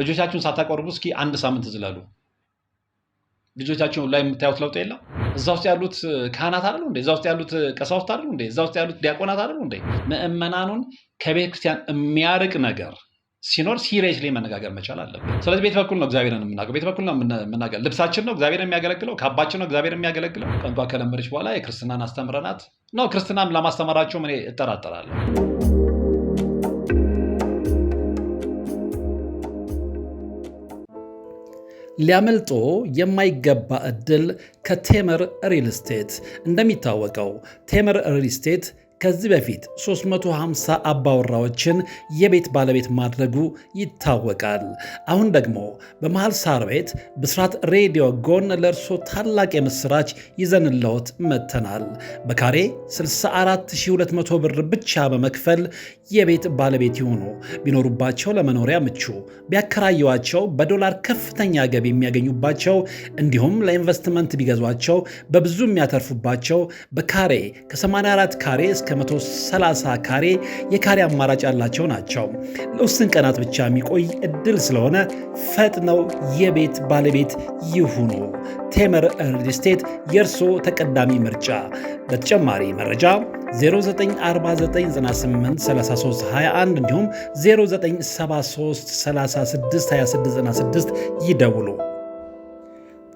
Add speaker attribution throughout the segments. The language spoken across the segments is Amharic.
Speaker 1: ልጆቻችሁን ሳታቀርቡ እስኪ አንድ ሳምንት ዝለሉ። ልጆቻችሁን ላይ የምታዩት ለውጥ የለም። እዛ ውስጥ ያሉት ካህናት አይደሉ እንዴ? እዛ ውስጥ ያሉት ቀሳውስት አይደሉ እንዴ? እዛ ውስጥ ያሉት ዲያቆናት አይደሉ እንዴ? ምእመናኑን ከቤተ ክርስቲያን የሚያርቅ ነገር ሲኖር ላይ መነጋገር መቻል አለብን። ስለዚህ ቤት በኩል ነው እግዚአብሔርን የምናገር፣ ቤት በኩል ነው የምናገር። ልብሳችን ነው እግዚአብሔር የሚያገለግለው፣ ካባችን ነው እግዚአብሔር የሚያገለግለው። ቀንቷ ከለመደች በኋላ የክርስትናን አስተምረናት ነው። ክርስትናም ለማስተማራቸውም እኔ እጠራጠራለሁ። ሊያመልጦ የማይገባ እድል ከቴምር ሪል ስቴት። እንደሚታወቀው ቴምር ሪል ስቴት ከዚህ በፊት 350 አባወራዎችን የቤት ባለቤት ማድረጉ ይታወቃል። አሁን ደግሞ በመሃል ሳር ቤት ብስራት ሬዲዮ ጎን ለእርሶ ታላቅ የምስራች ይዘንለዎት መጥተናል። በካሬ 64200 ብር ብቻ በመክፈል የቤት ባለቤት ይሆኑ። ቢኖሩባቸው ለመኖሪያ ምቹ፣ ቢያከራየዋቸው በዶላር ከፍተኛ ገቢ የሚያገኙባቸው፣ እንዲሁም ለኢንቨስትመንት ቢገዟቸው በብዙ የሚያተርፉባቸው በካሬ ከ84 ካሬ እስከ 130 ካሬ የካሬ አማራጭ ያላቸው ናቸው። ለውስን ቀናት ብቻ የሚቆይ እድል ስለሆነ ፈጥነው የቤት ባለቤት ይሁኑ። ቴመር ሪል ስቴት የእርስዎ ተቀዳሚ ምርጫ። በተጨማሪ መረጃ 0949983321 እንዲሁም 0973362696 ይደውሉ።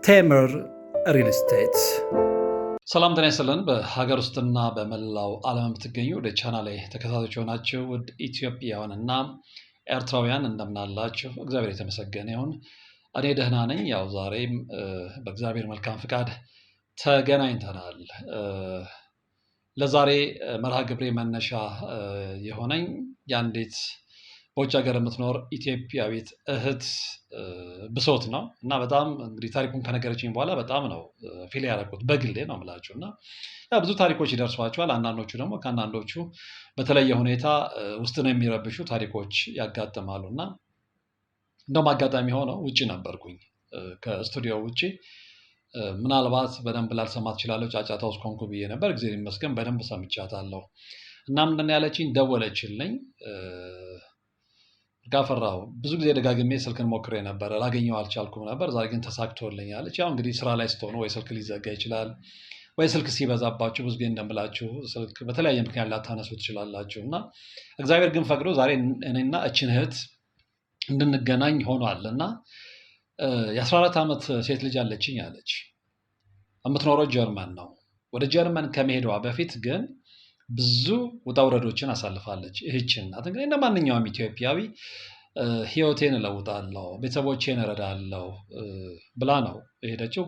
Speaker 1: ቴምር ሪል ስቴት ሰላም ጤና ይስጥልን። በሀገር ውስጥና በመላው ዓለም የምትገኙ ወደ ቻና ላይ ተከታታዮች የሆናችሁ ውድ ኢትዮጵያውያን እና ኤርትራውያን እንደምናላችሁ እግዚአብሔር የተመሰገነ ይሁን። እኔ ደህና ነኝ። ያው ዛሬም በእግዚአብሔር መልካም ፍቃድ ተገናኝተናል። ለዛሬ መርሃ ግብሬ መነሻ የሆነኝ የአንዲት በውጭ ሀገር የምትኖር ኢትዮጵያዊት እህት ብሶት ነው እና በጣም እንግዲህ ታሪኩን ከነገረችኝ በኋላ በጣም ነው ፊል ያደረኩት በግሌ ነው የምላችሁ። እና ብዙ ታሪኮች ይደርሷቸዋል። አንዳንዶቹ ደግሞ ከአንዳንዶቹ በተለየ ሁኔታ ነው የሚረብሹ ታሪኮች ያጋጥማሉ። እና እንደውም አጋጣሚ ሆነው ውጭ ነበርኩኝ ከስቱዲዮ ውጭ ምናልባት በደንብ ላልሰማ ትችላለች። ጫጫታ ውስጥ ኮንኩ ብዬ ነበር። ጊዜ ይመስገን በደንብ ሰምቻታለሁ። እና ምንድን ያለችኝ ደወለችልኝ ጋር ፈራሁ። ብዙ ጊዜ ደጋግሜ ስልክን ሞክሬ ነበረ፣ ላገኘው አልቻልኩም ነበር። ዛሬ ግን ተሳክቶልኛለች። ያው እንግዲህ ስራ ላይ ስትሆኑ ወይ ስልክ ሊዘጋ ይችላል ወይ ስልክ ሲበዛባችሁ ብዙ ጊዜ እንደምላችሁ ስልክ በተለያየ ምክንያት ላታነሱ ትችላላችሁ እና እግዚአብሔር ግን ፈቅዶ ዛሬ እኔና እችን እህት እንድንገናኝ ሆኗል እና የ14 ዓመት ሴት ልጅ አለችኝ አለች። የምትኖረው ጀርመን ነው። ወደ ጀርመን ከመሄዷ በፊት ግን ብዙ ውጣውረዶችን አሳልፋለች። ይህች እናት እንግዲህ እንደ ማንኛውም ኢትዮጵያዊ ህይወቴን እለውጣለሁ፣ ቤተሰቦቼን እረዳለሁ ብላ ነው የሄደችው።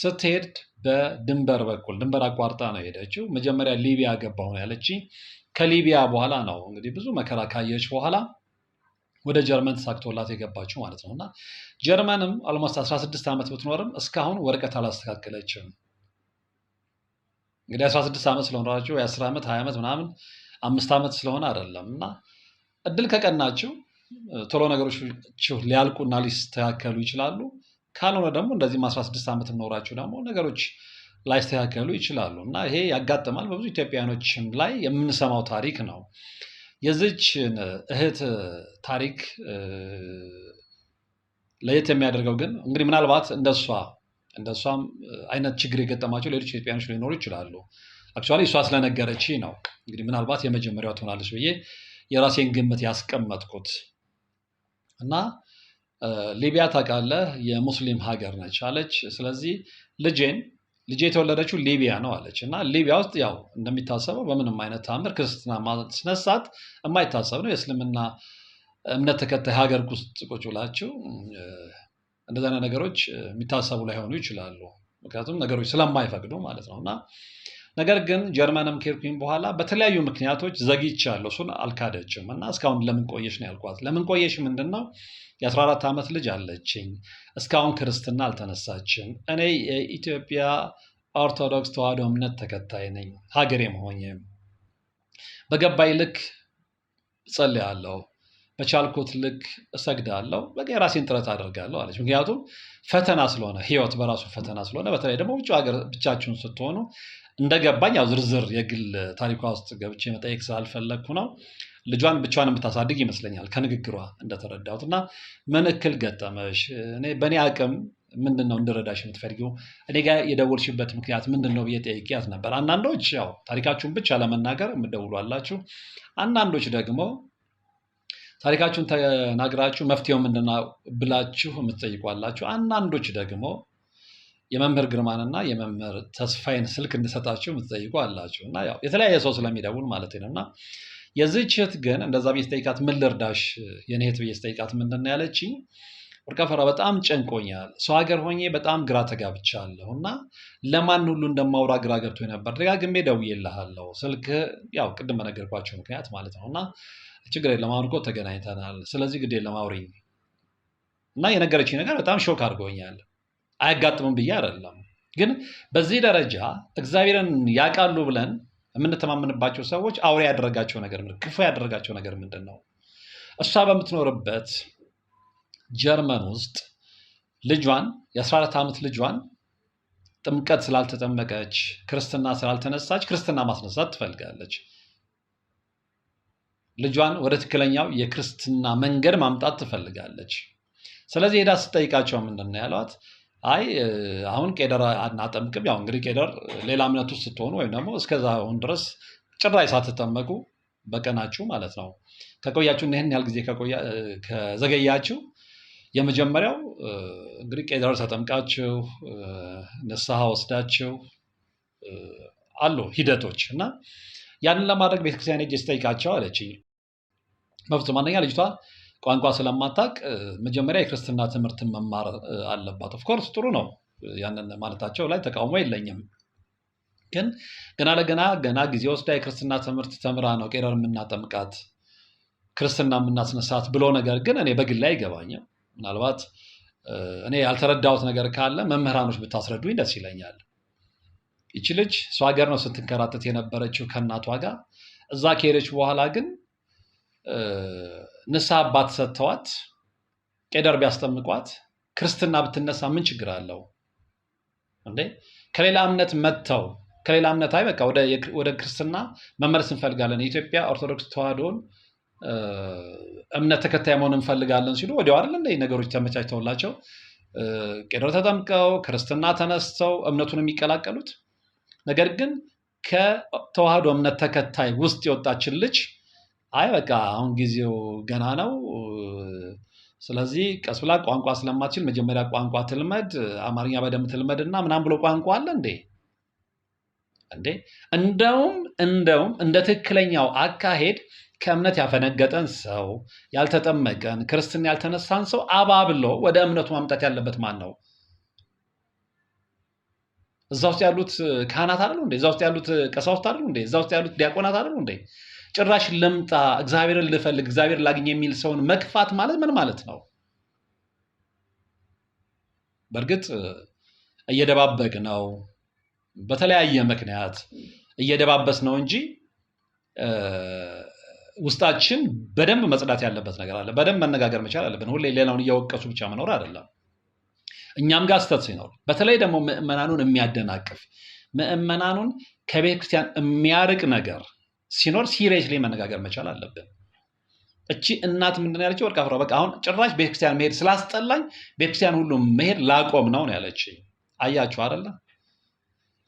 Speaker 1: ስትሄድ በድንበር በኩል ድንበር አቋርጣ ነው የሄደችው። መጀመሪያ ሊቢያ ገባሁ ነው ያለች። ከሊቢያ በኋላ ነው እንግዲህ ብዙ መከራ ካየች በኋላ ወደ ጀርመን ተሳክቶላት የገባችው ማለት ነው። እና ጀርመንም አልሞስት 16 ዓመት ብትኖርም እስካሁን ወረቀት አላስተካከለችም። እንግዲህ 16 ዓመት ስለሆናችሁ ወይ 10 ዓመት 2 ዓመት ምናምን አምስት ዓመት ስለሆነ አይደለም እና እድል ከቀናችሁ ቶሎ ነገሮች ሊያልቁና ሊስተካከሉ ይችላሉ። ካልሆነ ደግሞ እንደዚህም 16 ዓመት ኖራችሁ ደግሞ ነገሮች ላይስተካከሉ ይችላሉ እና ይሄ ያጋጥማል። በብዙ ኢትዮጵያኖችም ላይ የምንሰማው ታሪክ ነው። የዚች እህት ታሪክ ለየት የሚያደርገው ግን እንግዲህ ምናልባት እንደሷ እንደሷም አይነት ችግር የገጠማቸው ሌሎች ኢትዮጵያኖች ሊኖሩ ይችላሉ። አክቹዋሊ እሷ ስለነገረች ነው እንግዲህ ምናልባት የመጀመሪያው ትሆናለች ብዬ የራሴን ግምት ያስቀመጥኩት እና ሊቢያ ታውቃለህ፣ የሙስሊም ሀገር ነች አለች። ስለዚህ ልጄን ልጄ የተወለደችው ሊቢያ ነው አለች እና ሊቢያ ውስጥ ያው እንደሚታሰበው በምንም አይነት ታምር ክርስትና ማስነሳት የማይታሰብ ነው። የእስልምና እምነት ተከታይ ሀገር ውስጥ ቁጭ ብላችሁ እንደዛና ነገሮች የሚታሰቡ ላይሆኑ ይችላሉ። ምክንያቱም ነገሮች ስለማይፈቅዱ ማለት ነው እና ነገር ግን ጀርመንም ከሄድኩኝ በኋላ በተለያዩ ምክንያቶች ዘግይቻለሁ። እሱን አልካደችም እና እስካሁን ለምን ቆየሽ ነው ያልኳት። ለምን ቆየሽ ምንድን ነው የ14 ዓመት ልጅ አለችኝ። እስካሁን ክርስትና አልተነሳችም። እኔ የኢትዮጵያ ኦርቶዶክስ ተዋሕዶ እምነት ተከታይ ነኝ። ሀገሬ መሆኝም በገባይ ልክ ጸልያለሁ በቻልኩት ልክ እሰግዳለሁ፣ በቃ የራሴን ጥረት አደርጋለሁ አለች። ምክንያቱም ፈተና ስለሆነ ህይወት በራሱ ፈተና ስለሆነ፣ በተለይ ደግሞ ውጭ ሀገር ብቻችሁን ስትሆኑ እንደገባኝ ያው ዝርዝር የግል ታሪኳ ውስጥ ገብቼ መጠየቅ ስላልፈለግኩ ነው። ልጇን ብቻዋን የምታሳድግ ይመስለኛል ከንግግሯ እንደተረዳሁት እና ምን እክል ገጠመሽ? እኔ በእኔ አቅም ምንድን ነው እንድረዳሽ የምትፈልጊው? እኔ ጋር የደወልሽበት ምክንያት ምንድን ነው ብዬ ጠይቄያት ነበር። አንዳንዶች ያው ታሪካችሁን ብቻ ለመናገር የምደውሉ አላችሁ። አንዳንዶች ደግሞ ታሪካችሁን ተናግራችሁ መፍትሄው ምንድና ብላችሁ የምትጠይቋላችሁ። አንዳንዶች ደግሞ የመምህር ግርማንና የመምህር ተስፋይን ስልክ እንድሰጣችሁ የምትጠይቁ አላችሁ እና ያው የተለያየ ሰው ስለሚደውል ማለት ነው። እና የዚህች እህት ግን እንደዛ ብዬ ስጠይቃት ምን ልርዳሽ፣ የኔ እህት ብዬ ስጠይቃት ምንድን ነው ያለችኝ? ወርቃፈራ በጣም ጨንቆኛል፣ ሰው ሀገር ሆኜ በጣም ግራ ተጋብቻለሁ እና ለማን ሁሉ እንደማውራ ግራ ገብቶ ነበር። ደጋግሜ ደውዬልሃለሁ፣ ስልክ ያው ቅድም በነገርኳቸው ምክንያት ማለት ነው እና ችግር የለም አሁን እኮ ተገናኝተናል፣ ስለዚህ ግዴ ለማውሪኝ እና የነገረችኝ ነገር በጣም ሾክ አድርጎኛል። አያጋጥምም ብዬ አይደለም ግን በዚህ ደረጃ እግዚአብሔርን ያውቃሉ ብለን የምንተማመንባቸው ሰዎች አውሬ ያደረጋቸው ነገር ክፉ ያደረጋቸው ነገር ምንድን ነው? እሷ በምትኖርበት ጀርመን ውስጥ ልጇን የ14 ዓመት ልጇን ጥምቀት ስላልተጠመቀች ክርስትና ስላልተነሳች ክርስትና ማስነሳት ትፈልጋለች። ልጇን ወደ ትክክለኛው የክርስትና መንገድ ማምጣት ትፈልጋለች። ስለዚህ ሄዳ ስትጠይቃቸው ምንድን ነው ያሏት? አይ አሁን ቄደር አናጠምቅም። ያው እንግዲህ ቄደር ሌላ እምነት ውስጥ ስትሆኑ ወይም ደግሞ እስከዛ አሁን ድረስ ጭራይ ሳትጠመቁ በቀናችሁ ማለት ነው ከቆያችሁ ይህን ያህል ጊዜ ከዘገያችሁ የመጀመሪያው እንግዲህ ቄደር ተጠምቃችሁ ንስሐ ወስዳችሁ አሉ ሂደቶች እና ያንን ለማድረግ ቤተክርስቲያን ሄጄ ስጠይቃቸው አለችኝ፣ በፍጹም አንደኛ ልጅቷ ቋንቋ ስለማታቅ መጀመሪያ የክርስትና ትምህርትን መማር አለባት። ኦፍኮርስ ጥሩ ነው፣ ያንን ማለታቸው ላይ ተቃውሞ የለኝም። ግን ገና ለገና ገና ጊዜ ወስዳ የክርስትና ትምህርት ተምራ ነው ቄረር የምናጠምቃት ክርስትና የምናስነሳት ብሎ ነገር ግን እኔ በግል ላይ አይገባኝም። ምናልባት እኔ ያልተረዳሁት ነገር ካለ መምህራኖች ብታስረዱኝ ደስ ይለኛል። ይቺ ልጅ ሰው ሀገር ነው ስትንከራተት የነበረችው ከእናቷ ጋር። እዛ ከሄደች በኋላ ግን ንስሐ አባት ሰጥተዋት ቄደር ቢያስጠምቋት ክርስትና ብትነሳ ምን ችግር አለው እንዴ? ከሌላ እምነት መጥተው ከሌላ እምነት አይ በቃ ወደ ክርስትና መመለስ እንፈልጋለን የኢትዮጵያ ኦርቶዶክስ ተዋህዶን እምነት ተከታይ መሆን እንፈልጋለን ሲሉ ወዲያው እንደ ነገሮች ተመቻችተውላቸው ቄደር ተጠምቀው ክርስትና ተነስተው እምነቱን የሚቀላቀሉት። ነገር ግን ከተዋህዶ እምነት ተከታይ ውስጥ የወጣችን ልጅ አይ በቃ አሁን ጊዜው ገና ነው፣ ስለዚህ ቀስ ብላ ቋንቋ ስለማትችል መጀመሪያ ቋንቋ ትልመድ፣ አማርኛ በደንብ ትልመድ እና ምናምን ብሎ ቋንቋ አለ እንዴ? እንዴ እንደውም እንደውም እንደ ትክክለኛው አካሄድ ከእምነት ያፈነገጠን ሰው ያልተጠመቀን ክርስትና ያልተነሳን ሰው አባብሎ ወደ እምነቱ ማምጣት ያለበት ማን ነው? እዛ ውስጥ ያሉት ካህናት አይደሉ እንዴ? እዛ ውስጥ ያሉት ቀሳውስት አይደሉ እንዴ? እዛ ውስጥ ያሉት ዲያቆናት አይደሉ እንዴ? ጭራሽ ለምጣ እግዚአብሔርን ልፈልግ እግዚአብሔር ላግኝ የሚል ሰውን መክፋት ማለት ምን ማለት ነው? በእርግጥ እየደባበቅ ነው፣ በተለያየ ምክንያት እየደባበስ ነው እንጂ ውስጣችን በደንብ መጽዳት ያለበት ነገር አለ። በደንብ መነጋገር መቻል አለብን። ሁሌ ሌላውን እያወቀሱ ብቻ መኖር አይደለም። እኛም ጋር ስተት ሲኖር፣ በተለይ ደግሞ ምዕመናኑን የሚያደናቅፍ ምዕመናኑን ከቤተ ክርስቲያን የሚያርቅ ነገር ሲኖር ላይ መነጋገር መቻል አለብን። እቺ እናት ምንድን ያለችው? ወርቅ አፍራ በቃ አሁን ጭራሽ ቤተክርስቲያን መሄድ ስላስጠላኝ ቤተክርስቲያን ሁሉ መሄድ ላቆም ነው ያለች። አያችሁ አይደለ?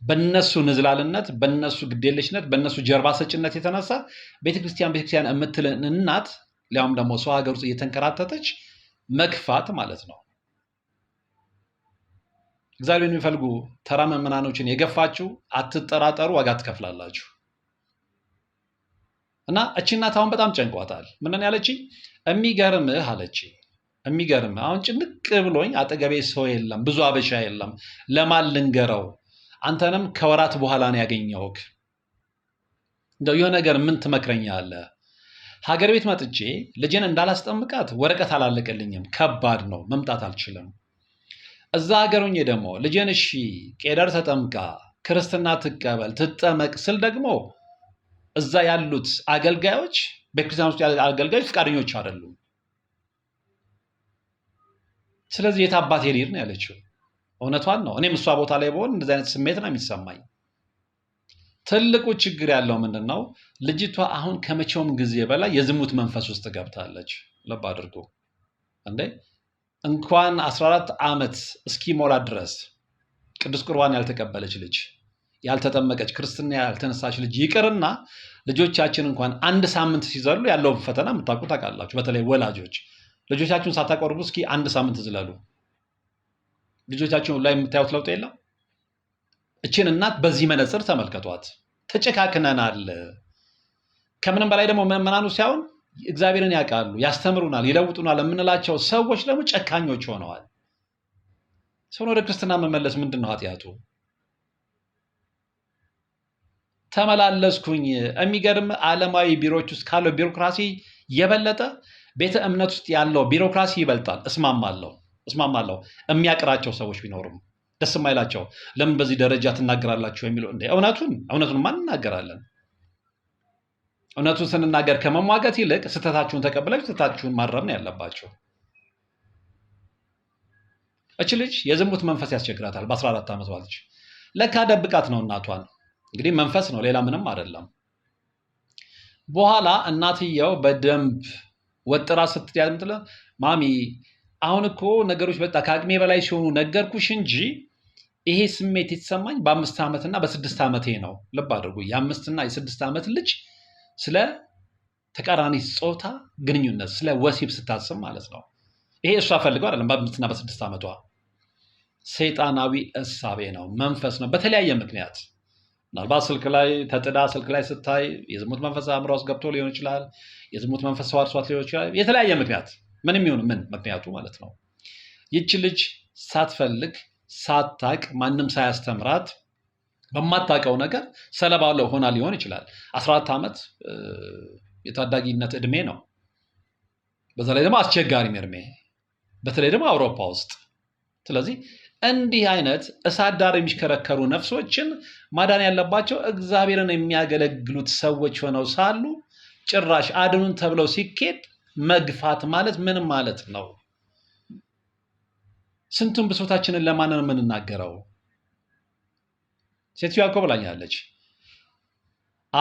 Speaker 1: በነሱ ንዝላልነት፣ በነሱ ግዴለችነት፣ በነሱ ጀርባ ሰጭነት የተነሳ ቤተክርስቲያን ቤተክርስቲያን የምትልን እናት ሊያውም ደግሞ ሰው ሀገር ውስጥ እየተንከራተተች መክፋት ማለት ነው። እግዚአብሔር የሚፈልጉ ተራ መምናኖችን የገፋችሁ አትጠራጠሩ፣ ዋጋ ትከፍላላችሁ። እና እቺ እናት አሁን በጣም ጨንቋታል። ምንን ያለች የሚገርምህ አለች። የሚገርምህ አሁን ጭንቅ ብሎኝ አጠገቤ ሰው የለም፣ ብዙ አበሻ የለም፣ ለማን ልንገረው? አንተንም ከወራት በኋላ ነው ያገኘውክ። እንደው የሆነ ነገር ምን ትመክረኛለህ? ሀገር ቤት መጥቼ ልጅን እንዳላስጠምቃት ወረቀት አላለቀልኝም፣ ከባድ ነው፣ መምጣት አልችልም እዛ ሀገር ደግሞ ልጄን እሺ ቄደር ተጠምቃ ክርስትና ትቀበል ትጠመቅ ስል ደግሞ እዛ ያሉት አገልጋዮች በክርስቲያን ውስጥ ያሉት አገልጋዮች ፈቃደኞች አይደሉም። ስለዚህ የት አባቴ ነው ያለችው። እውነቷን ነው። እኔም እሷ ቦታ ላይ በሆን እንደዚህ አይነት ስሜት ነው የሚሰማኝ። ትልቁ ችግር ያለው ምንድን ነው? ልጅቷ አሁን ከመቼውም ጊዜ በላይ የዝሙት መንፈስ ውስጥ ገብታለች። ልብ አድርጎ እንዴ እንኳን 14 ዓመት እስኪሞላ ድረስ ቅዱስ ቁርባን ያልተቀበለች ልጅ ያልተጠመቀች ክርስትና ያልተነሳች ልጅ ይቅርና ልጆቻችን እንኳን አንድ ሳምንት ሲዘሉ ያለውን ፈተና የምታውቁ ታውቃላችሁ። በተለይ ወላጆች ልጆቻችሁን ሳታቆርቡ እስኪ አንድ ሳምንት ዝለሉ። ልጆቻችሁን ላይ የምታዩት ለውጥ የለም። እችን እናት በዚህ መነጽር ተመልከቷት። ተጨካክነናል። ከምንም በላይ ደግሞ ምዕመናኑ ሲያውን እግዚአብሔርን ያውቃሉ፣ ያስተምሩናል፣ ይለውጡናል የምንላቸው ሰዎች ደግሞ ጨካኞች ሆነዋል። ሰውን ወደ ክርስትና መመለስ ምንድን ነው ኃጢአቱ? ተመላለስኩኝ። የሚገርም ዓለማዊ ቢሮዎች ውስጥ ካለው ቢሮክራሲ የበለጠ ቤተ እምነት ውስጥ ያለው ቢሮክራሲ ይበልጣል። እስማማለሁ እስማማለሁ። የሚያቅራቸው ሰዎች ቢኖሩም ደስ የማይላቸው ለምን በዚህ ደረጃ ትናገራላችሁ የሚለው እውነቱን እውነቱን ማን እናገራለን እውነቱን ስንናገር ከመሟገት ይልቅ ስህተታችሁን ተቀብላችሁ ስህተታችሁን ማረም ነው ያለባቸው። እች ልጅ የዝሙት መንፈስ ያስቸግራታል። በ14 ዓመቷ ልጅ ለካ ደብቃት ነው እናቷን። እንግዲህ መንፈስ ነው ሌላ ምንም አይደለም። በኋላ እናትየው በደንብ ወጥራ ስትያምትለ ማሚ፣ አሁን እኮ ነገሮች በጣም ከአቅሜ በላይ ሲሆኑ ነገርኩሽ እንጂ ይሄ ስሜት የተሰማኝ በአምስት ዓመትና በስድስት ዓመቴ ነው። ልብ አድርጉ፣ የአምስትና የስድስት ዓመት ልጅ ስለ ተቃራኒ ፆታ ግንኙነት ስለ ወሲብ ስታስብ ማለት ነው። ይሄ እሷ ፈልገው አይደለም። በአምስትና በስድስት ዓመቷ ሰይጣናዊ እሳቤ ነው፣ መንፈስ ነው። በተለያየ ምክንያት ምናልባት ስልክ ላይ ተጥዳ ስልክ ላይ ስታይ የዝሙት መንፈስ አእምሮ ውስጥ ገብቶ ሊሆን ይችላል። የዝሙት መንፈስ ተዋርሷት ሊሆን ይችላል። የተለያየ ምክንያት ምንም ይሁን ምን ምክንያቱ ማለት ነው። ይቺ ልጅ ሳትፈልግ ሳታቅ ማንም ሳያስተምራት በማታውቀው ነገር ሰለባ ሆና ሊሆን ይችላል። አስራ አራት ዓመት የታዳጊነት እድሜ ነው። በዛ ላይ ደግሞ አስቸጋሪም እድሜ በተለይ ደግሞ አውሮፓ ውስጥ። ስለዚህ እንዲህ አይነት እሳት ዳር የሚሽከረከሩ ነፍሶችን ማዳን ያለባቸው እግዚአብሔርን የሚያገለግሉት ሰዎች ሆነው ሳሉ ጭራሽ አድኑን ተብለው ሲኬድ መግፋት ማለት ምን ማለት ነው? ስንቱን ብሶታችንን ለማንን የምንናገረው? ሴትዮዋ እኮ ብላኛለች፣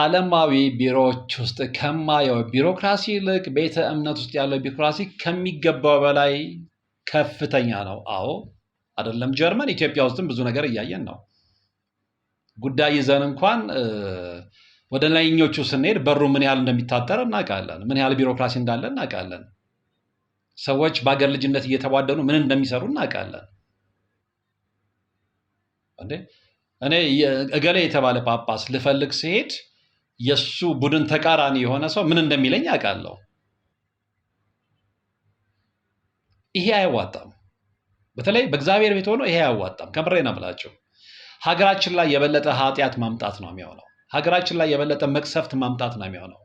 Speaker 1: ዓለማዊ ቢሮዎች ውስጥ ከማየው ቢሮክራሲ ይልቅ ቤተ እምነት ውስጥ ያለው ቢሮክራሲ ከሚገባው በላይ ከፍተኛ ነው። አዎ አይደለም ጀርመን፣ ኢትዮጵያ ውስጥም ብዙ ነገር እያየን ነው። ጉዳይ ይዘን እንኳን ወደ ላይኞቹ ስንሄድ በሩ ምን ያህል እንደሚታጠር እናውቃለን። ምን ያህል ቢሮክራሲ እንዳለ እናውቃለን። ሰዎች በአገር ልጅነት እየተቧደኑ ምን እንደሚሰሩ እናውቃለን። እኔ እገሌ የተባለ ጳጳስ ልፈልግ ሲሄድ የእሱ ቡድን ተቃራኒ የሆነ ሰው ምን እንደሚለኝ አውቃለሁ። ይሄ አያዋጣም። በተለይ በእግዚአብሔር ቤት ሆኖ ይሄ አያዋጣም። ከምሬ ነው ብላቸው ሀገራችን ላይ የበለጠ ኃጢአት ማምጣት ነው የሚሆነው። ሀገራችን ላይ የበለጠ መቅሰፍት ማምጣት ነው የሚሆነው።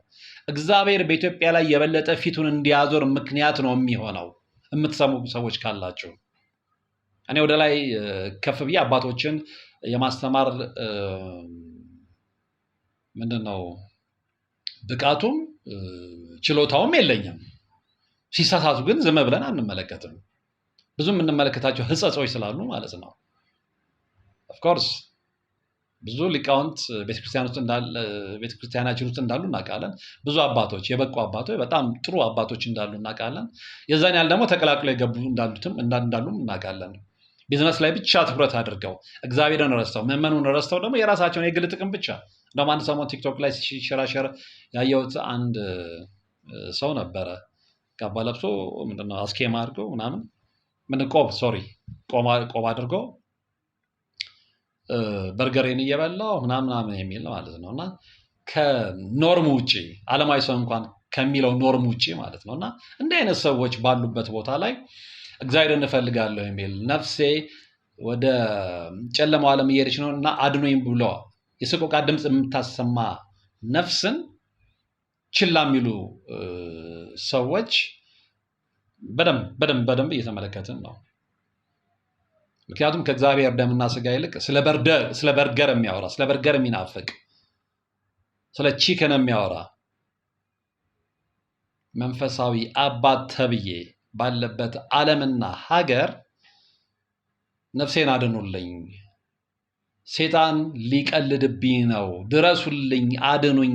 Speaker 1: እግዚአብሔር በኢትዮጵያ ላይ የበለጠ ፊቱን እንዲያዞር ምክንያት ነው የሚሆነው። የምትሰሙ ሰዎች ካላችሁ እኔ ወደ ላይ ከፍ ብዬ አባቶችን የማስተማር ምንድን ነው ብቃቱም ችሎታውም የለኝም። ሲሳሳቱ ግን ዝም ብለን አንመለከትም። ብዙ የምንመለከታቸው ሕጸጾች ስላሉ ማለት ነው። ኦፍኮርስ ብዙ ሊቃውንት ቤተክርስቲያናችን ውስጥ እንዳሉ እናቃለን ብዙ አባቶች፣ የበቁ አባቶች፣ በጣም ጥሩ አባቶች እንዳሉ እናቃለን የዛን ያህል ደግሞ ተቀላቅሎ የገቡ እንዳሉትም እንዳሉም እናውቃለን። ቢዝነስ ላይ ብቻ ትኩረት አድርገው እግዚአብሔርን ረስተው ምዕመኑን ረስተው ደግሞ የራሳቸውን የግል ጥቅም ብቻ እንደውም አንድ ሰሞን ቲክቶክ ላይ ሲሸራሸር ያየሁት አንድ ሰው ነበረ ጋባ ለብሶ ምንድነው አስኬማ አድርጎ ምናምን ምን ቆብ ሶሪ ቆብ አድርጎ በርገሬን እየበላው ምናምን ምናምን የሚል ማለት ነው እና ከኖርም ውጭ አለማዊ ሰው እንኳን ከሚለው ኖርም ውጭ ማለት ነው እና እንዲህ አይነት ሰዎች ባሉበት ቦታ ላይ እግዚአብሔርን እፈልጋለሁ የሚል ነፍሴ ወደ ጨለማው ዓለም እየሄደች ነው እና አድኖኝ ብሎ የሰቆቃ ድምፅ የምታሰማ ነፍስን ችላ የሚሉ ሰዎች በደንብ በደንብ በደንብ እየተመለከትን ነው። ምክንያቱም ከእግዚአብሔር ደምና ስጋ ይልቅ ስለ በርገር የሚያወራ ስለ በርገር የሚናፍቅ ስለ ቺከን የሚያወራ መንፈሳዊ አባት ተብዬ ባለበት ዓለምና ሀገር ነፍሴን አድኑልኝ፣ ሴጣን ሊቀልድብኝ ነው፣ ድረሱልኝ፣ አድኑኝ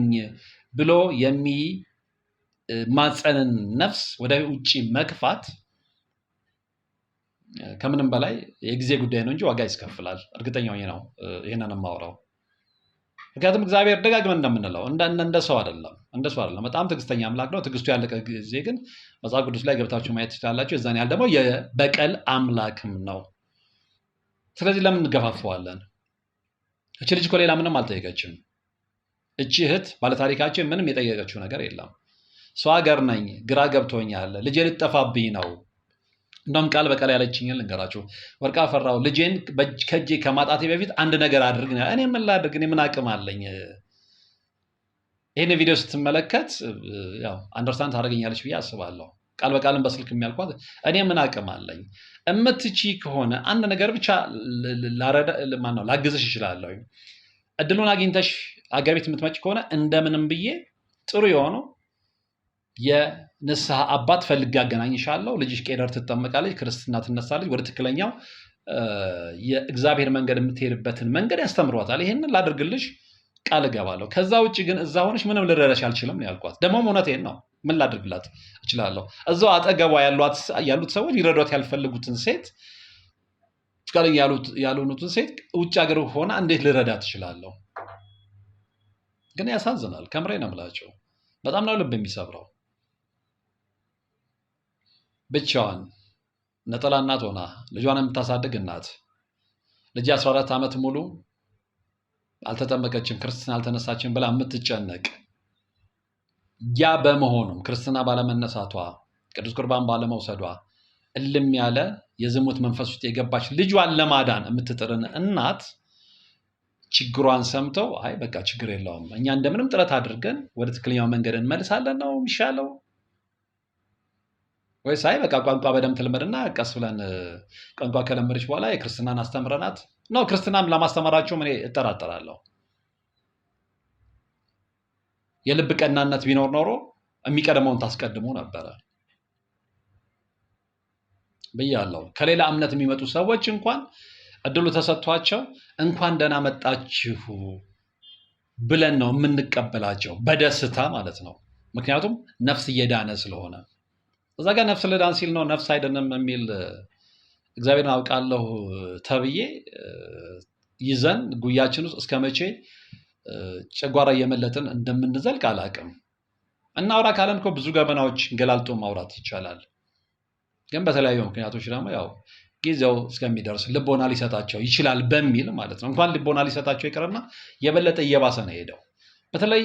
Speaker 1: ብሎ የሚማጸንን ነፍስ ወደ ውጭ መግፋት ከምንም በላይ የጊዜ ጉዳይ ነው እንጂ ዋጋ ይስከፍላል። እርግጠኛ ነው ይህንን የማወራው። ምክንያቱም እግዚአብሔር ደጋግመን እንደምንለው እንደ ሰው አይደለም። እንደሱ አይደለም። በጣም ትዕግስተኛ አምላክ ነው። ትዕግስቱ ያለቀ ጊዜ ግን መጽሐፍ ቅዱስ ላይ ገብታችሁ ማየት ትችላላችሁ። የዛን ያህል ደግሞ የበቀል አምላክም ነው። ስለዚህ ለምን እንገፋፈዋለን? እች ልጅ እኮ ሌላ ምንም አልጠየቀችም። እቺ እህት ባለታሪካችን ምንም የጠየቀችው ነገር የለም። ሰው ሀገር ነኝ፣ ግራ ገብቶኛል፣ ልጄ ልጠፋብኝ ነው። እንደውም ቃል በቃል ያለችኝን ልንገራችሁ። ወርቃ ፈራው ልጄን ከእጄ ከማጣቴ በፊት አንድ ነገር አድርግ። እኔ ምን ላድርግ? እኔ ምን አቅም አለኝ? ይህን ቪዲዮ ስትመለከት አንደርስታንድ ታደርገኛለች ብዬ አስባለሁ። ቃል በቃልን በስልክ የሚያልኳት እኔ ምን አቅም አለኝ እምትቺ ከሆነ አንድ ነገር ብቻ ማነው ላግዝሽ ይችላለሁ። እድሉን አግኝተሽ አገር ቤት የምትመጪ ከሆነ እንደምንም ብዬ ጥሩ የሆኑ የንስሐ አባት ፈልግ አገናኝሻለሁ። ልጅሽ ቄደር ትጠመቃለች፣ ክርስትና ትነሳለች፣ ወደ ትክክለኛው የእግዚአብሔር መንገድ የምትሄድበትን መንገድ ያስተምሯታል። ይህንን ላድርግልሽ ቃል እገባለሁ። ከዛ ውጭ ግን እዛ ሆነች ምንም ልረረሽ አልችልም ነው ያልኳት። ደግሞም እውነቴን ነው። ምን ላድርግላት እችላለሁ? እዛው አጠገቧ ያሉት ሰዎች ሊረዷት ያልፈልጉትን ሴት ፍቃደኛ ያልሆኑትን ሴት ውጭ ሀገር ሆና እንዴት ልረዳ ትችላለሁ? ግን ያሳዝናል። ከምሬ ነው የምላቸው። በጣም ነው ልብ የሚሰብረው። ብቻዋን ነጠላ እናት ሆና ልጇን የምታሳድግ እናት ልጅ 14 ዓመት ሙሉ አልተጠመቀችም፣ ክርስትና አልተነሳችም ብላ የምትጨነቅ ያ በመሆኑም ክርስትና ባለመነሳቷ፣ ቅዱስ ቁርባን ባለመውሰዷ እልም ያለ የዝሙት መንፈስ ውስጥ የገባች ልጇን ለማዳን የምትጥርን እናት ችግሯን ሰምተው አይ በቃ ችግር የለውም እኛ እንደምንም ጥረት አድርገን ወደ ትክክለኛው መንገድ እንመልሳለን ነው የሚሻለው ወይስ አይ በቃ ቋንቋ በደምብ ትልመድና ቀስ ብለን ቋንቋ ከለመደች በኋላ የክርስትናን አስተምረናት ነው ክርስትናን ለማስተማራቸውም እኔ እጠራጠራለሁ። የልብ ቀናነት ቢኖር ኖሮ የሚቀድመውን ታስቀድሙ ነበረ ብያለሁ። ከሌላ እምነት የሚመጡ ሰዎች እንኳን እድሉ ተሰጥቷቸው እንኳን ደህና መጣችሁ ብለን ነው የምንቀበላቸው በደስታ ማለት ነው። ምክንያቱም ነፍስ እየዳነ ስለሆነ እዛ ጋር ነፍስ ልዳን ሲል ነው ነፍስ አይደለም የሚል እግዚአብሔርን አውቃለሁ ተብዬ ይዘን ጉያችን ውስጥ እስከ መቼ ጨጓራ እየመለጥን እንደምንዘልቅ አላቅም እናውራ ካለን እኮ ብዙ ገበናዎች ገላልጦ ማውራት ይቻላል። ግን በተለያዩ ምክንያቶች ደግሞ ያው ጊዜው እስከሚደርስ ልቦና ሊሰጣቸው ይችላል በሚል ማለት ነው። እንኳን ልቦና ሊሰጣቸው ይቅርና የበለጠ እየባሰ ነው ሄደው በተለይ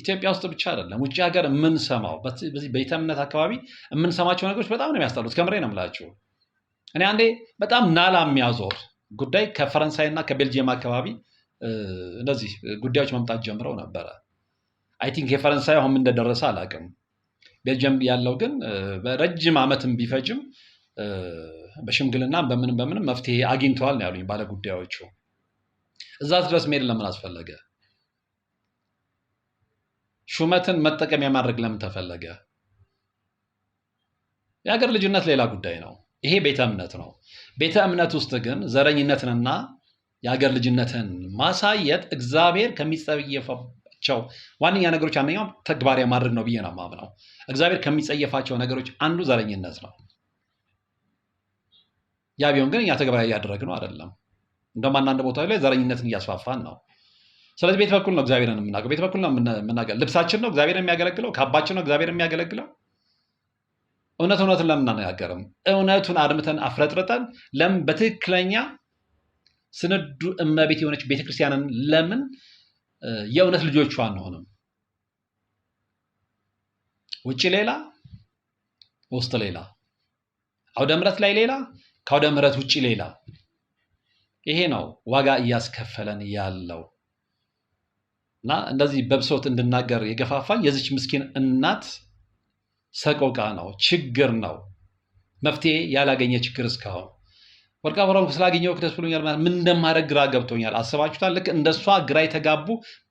Speaker 1: ኢትዮጵያ ውስጥ ብቻ አይደለም ውጭ ሀገር የምንሰማው በዚህ ቤተ እምነት አካባቢ የምንሰማቸው ነገሮች በጣም ነው የሚያስጠሉት። ከምሬ ነው የምላችሁ። እኔ አንዴ በጣም ናላ የሚያዞር ጉዳይ ከፈረንሳይ እና ከቤልጅየም አካባቢ እነዚህ ጉዳዮች መምጣት ጀምረው ነበረ። አይ ቲንክ የፈረንሳይ አሁን እንደደረሰ አላውቅም። ቤልጅየም ያለው ግን በረጅም ዓመትም ቢፈጅም በሽምግልና በምንም በምንም መፍትሄ አግኝተዋል ነው ያሉኝ ባለጉዳዮቹ። እዛ ድረስ መሄድ ለምን አስፈለገ? ሹመትን መጠቀሚያ ማድረግ ለምን ተፈለገ? የሀገር ልጅነት ሌላ ጉዳይ ነው። ይሄ ቤተ እምነት ነው። ቤተ እምነት ውስጥ ግን ዘረኝነትንና የሀገር ልጅነትን ማሳየት እግዚአብሔር ከሚጸየፋቸው ዋነኛ ነገሮች አንደኛው ተግባራዊ ማድረግ ነው ብዬ ነው የማምነው። እግዚአብሔር ከሚጸየፋቸው ነገሮች አንዱ ዘረኝነት ነው። ያ ቢሆን ግን እኛ ተግባራዊ እያደረግነው አይደለም። እንደውም አንዳንድ ቦታ ላይ ዘረኝነትን እያስፋፋን ነው። ስለዚህ ቤት በኩል ነው እግዚአብሔርን የምናገ ቤት በኩል ነው የምናገ ልብሳችን ነው እግዚአብሔር የሚያገለግለው ካባችን ነው እግዚአብሔር የሚያገለግለው። እውነት እውነትን ለምን አነጋገርም? እውነቱን አድምተን አፍረጥርጠን ለምን በትክክለኛ ስንዱ እመቤት የሆነች ቤተክርስቲያንን ለምን የእውነት ልጆቿ አንሆንም? ውጭ ሌላ ውስጥ ሌላ፣ አውደ ምረት ላይ ሌላ፣ ከአውደ ምረት ውጭ ሌላ። ይሄ ነው ዋጋ እያስከፈለን ያለው። እና እንደዚህ በብሶት እንድናገር የገፋፋኝ የዚች ምስኪን እናት ሰቆቃ ነው፣ ችግር ነው፣ መፍትሄ ያላገኘ ችግር እስካሁን። ወርቃ ቦራውን ስላገኘሁ ደስ ብሎኛል። ምን እንደማደርግ ግራ ገብቶኛል። አስባችሁታል? ልክ እንደሷ ግራ የተጋቡ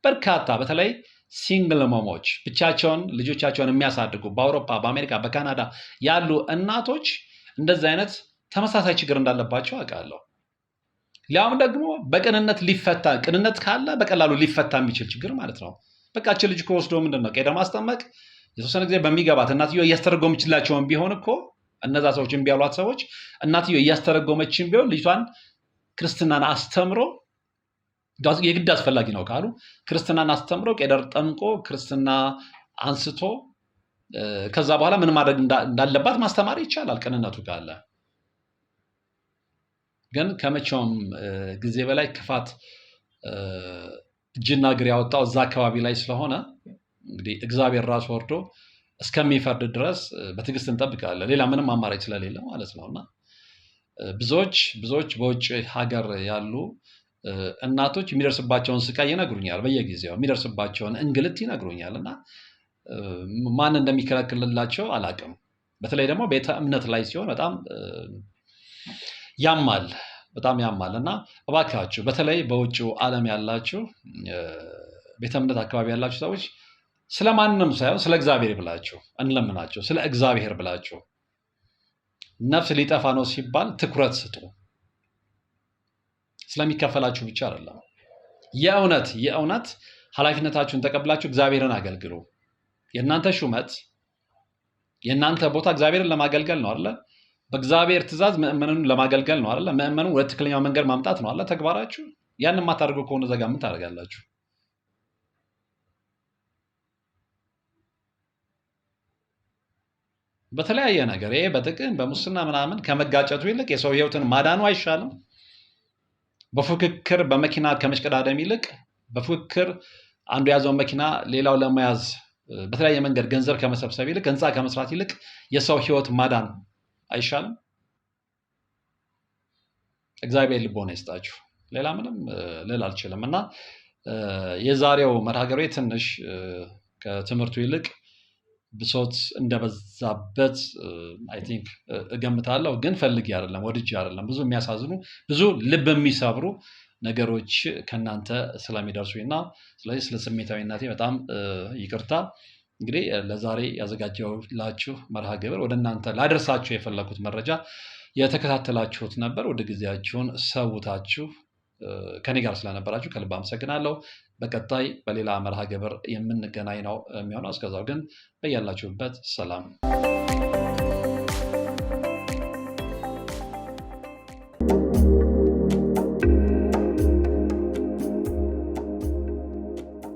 Speaker 1: በርካታ በተለይ ሲንግል መሞች ብቻቸውን ልጆቻቸውን የሚያሳድጉ በአውሮፓ፣ በአሜሪካ፣ በካናዳ ያሉ እናቶች እንደዚህ አይነት ተመሳሳይ ችግር እንዳለባቸው አውቃለሁ። ሊያውም ደግሞ በቅንነት ሊፈታ ቅንነት ካለ በቀላሉ ሊፈታ የሚችል ችግር ማለት ነው። በቃ እች ልጅ ከወስዶ ምንድን ነው ቄደ ማስጠመቅ የተወሰነ ጊዜ በሚገባት እናትዮ እያስተረጎመችላቸውን ቢሆን እኮ እነዛ ሰዎች እምቢ ያሏት ሰዎች እናትዮ እያስተረጎመችን ቢሆን ልጅቷን ክርስትናን አስተምሮ የግድ አስፈላጊ ነው ካሉ ክርስትናን አስተምሮ ቄደር ጠምቆ ክርስትና አንስቶ ከዛ በኋላ ምን ማድረግ እንዳለባት ማስተማር ይቻላል ቅንነቱ ካለ። ግን ከመቼውም ጊዜ በላይ ክፋት እጅና እግር ያወጣው እዛ አካባቢ ላይ ስለሆነ እንግዲህ እግዚአብሔር ራሱ ወርዶ እስከሚፈርድ ድረስ በትዕግስት እንጠብቃለን። ሌላ ምንም አማራጭ ስለሌለ ማለት ነው እና ብዙዎች ብዙዎች በውጭ ሀገር ያሉ እናቶች የሚደርስባቸውን ስቃይ ይነግሩኛል። በየጊዜው የሚደርስባቸውን እንግልት ይነግሩኛል እና ማን እንደሚከላከልላቸው አላቅም። በተለይ ደግሞ ቤተ እምነት ላይ ሲሆን በጣም ያማል፣ በጣም ያማል እና እባካችሁ በተለይ በውጭው ዓለም ያላችሁ ቤተ እምነት አካባቢ ያላችሁ ሰዎች ስለ ማንም ሳይሆን ስለ እግዚአብሔር ብላችሁ እንለምናቸው። ስለ እግዚአብሔር ብላችሁ ነፍስ ሊጠፋ ነው ሲባል ትኩረት ስጡ። ስለሚከፈላችሁ ብቻ አይደለም። የእውነት የእውነት ኃላፊነታችሁን ተቀብላችሁ እግዚአብሔርን አገልግሉ። የእናንተ ሹመት የእናንተ ቦታ እግዚአብሔርን ለማገልገል ነው አይደለ? በእግዚአብሔር ትእዛዝ ምእመኑን ለማገልገል ነው አለ። ምእመኑ ወደ ትክክለኛው መንገድ ማምጣት ነው አለ ተግባራችሁ። ያን የማታደርገው ከሆነ ዘጋ ምን ታደርጋላችሁ? በተለያየ ነገር ይሄ በጥቅም በሙስና ምናምን ከመጋጨቱ ይልቅ የሰው ህይወትን ማዳኑ አይሻልም? በፉክክር በመኪና ከመሽቀዳደም ይልቅ በፉክክር አንዱ የያዘውን መኪና ሌላው ለመያዝ በተለያየ መንገድ ገንዘብ ከመሰብሰብ ይልቅ ህንፃ ከመስራት ይልቅ የሰው ህይወት ማዳን አይሻልም? እግዚአብሔር ልቦና ይስጣችሁ። ሌላ ምንም ልል አልችልም እና የዛሬው መርሃግብሬ ትንሽ ከትምህርቱ ይልቅ ብሶት እንደበዛበት አይ ቲንክ እገምታለሁ። ግን ፈልጌ አይደለም ወድጄ አይደለም። ብዙ የሚያሳዝኑ ብዙ ልብ የሚሰብሩ ነገሮች ከእናንተ ስለሚደርሱ እና ስለዚህ ስለ ስሜታዊነቴ በጣም ይቅርታ። እንግዲህ ለዛሬ ያዘጋጀላችሁ መርሃ ግብር ወደ እናንተ ላደርሳችሁ የፈለኩት መረጃ የተከታተላችሁት ነበር። ወደ ጊዜያችሁን ሰውታችሁ ከኔ ጋር ስለነበራችሁ ከልብ አመሰግናለሁ። በቀጣይ በሌላ መርሃ ግብር የምንገናኝ ነው የሚሆነው። እስከዛው ግን በያላችሁበት ሰላም